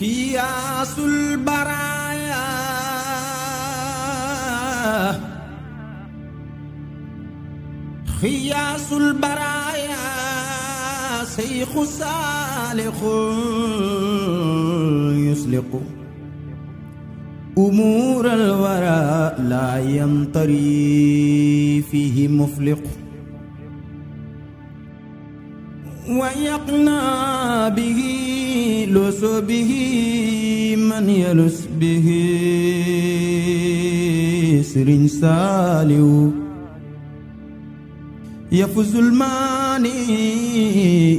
قياس البرايا قياس البرايا شيخ سالخ يسلق أمور الورى لا يمطري فيه مفلق ويقنى به لس به من يلس به سرين ساليو يفوز الماني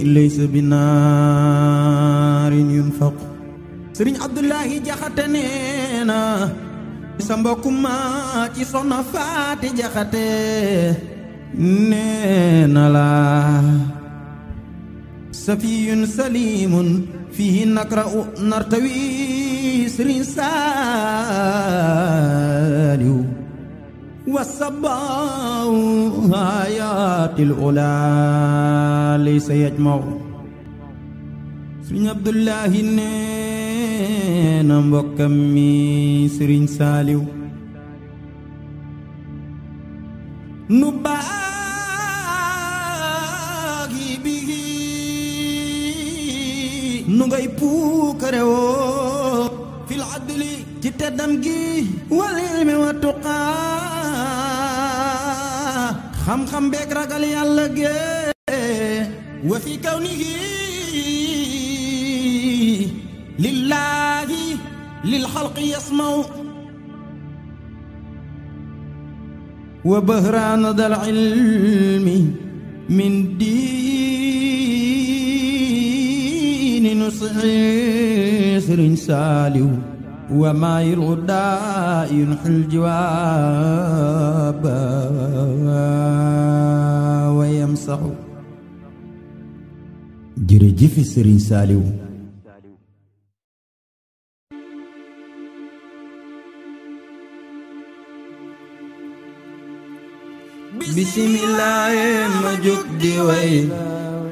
ليس بنار ينفق سرين عبد الله جاختنينا سمبكم ما تصنع فاتي جاختي نينا لا سفي سليم فيه نقرأ نرتوي سرسال والصباء آيات الأولى ليس يجمع سرين عبد الله نينا مبكمي سرين ساليو نباغي به نغاي بوكرو في العدل جت دمجي والعلم والتقى خم خم بك راجل يالله وفي كونه لله للخلق يسمع وبهران ذا العلم من دين صعير سالو وما يرد ينحل الجواب ويمسح جرجي في سرين سالو بسم الله مجد ويل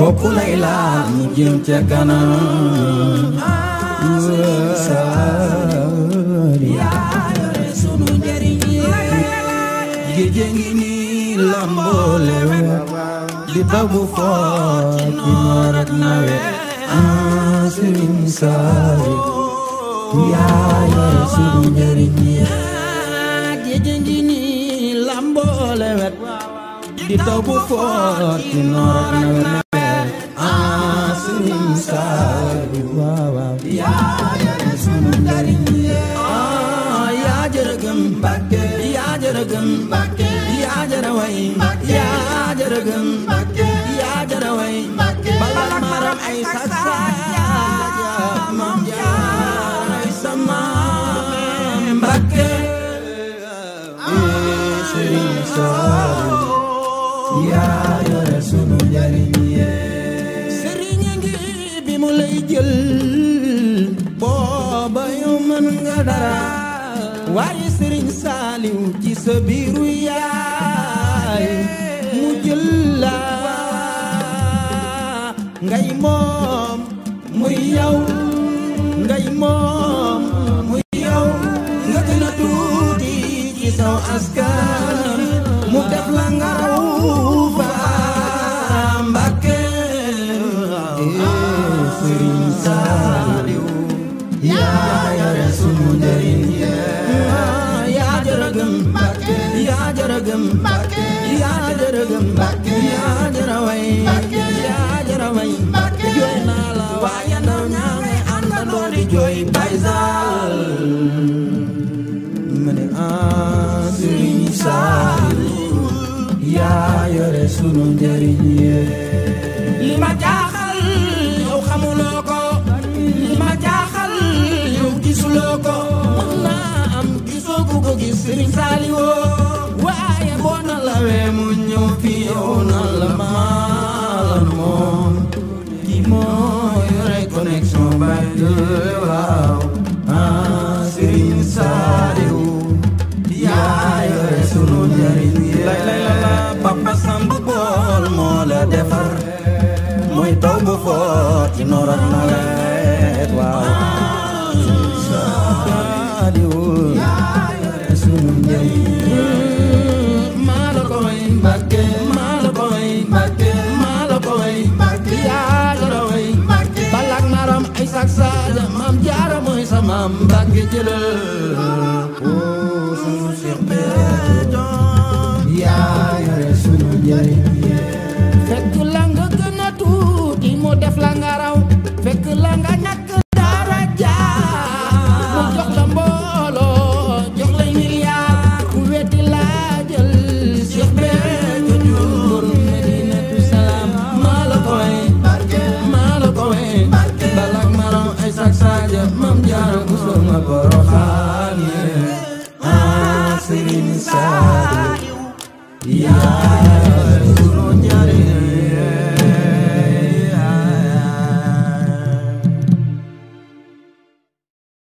kooku lay laal mu jëm ca kanam géej ngi nii lamboo lewe di babu foor ki noor ak nawe aa sëriñ saari yaa yore sunu njëriñ yi géej lamboo lewe di dërëgëm Mbakke yaa dara way Mbakke balal maram ay sasa maam jaay sama Mbakke Sëriñ Saalu yaa yore sunu njariñ yee Sëriñ ngi bi mu lay jël booba yu mën nga dara waaye Sëriñ Saaliw ci sa biiru yaay mu jël la ngay moom muy yow ngay moom muy yow nga gën a tuuti ci saw askan mu def la nga ruufa Mbàkke Sëriñ Saaliw yaa yare sunu Saalum yaa yore sunu njariñ li ma jaaxal yow xamuloo li ma jaaxal yow gisuloo ko mën gis Sëriñ Saaliwoo maam Mbàkke jëlal woo sunu Seex Béthio yaa yore sunu Nasir inside you Ya Rasulun Ya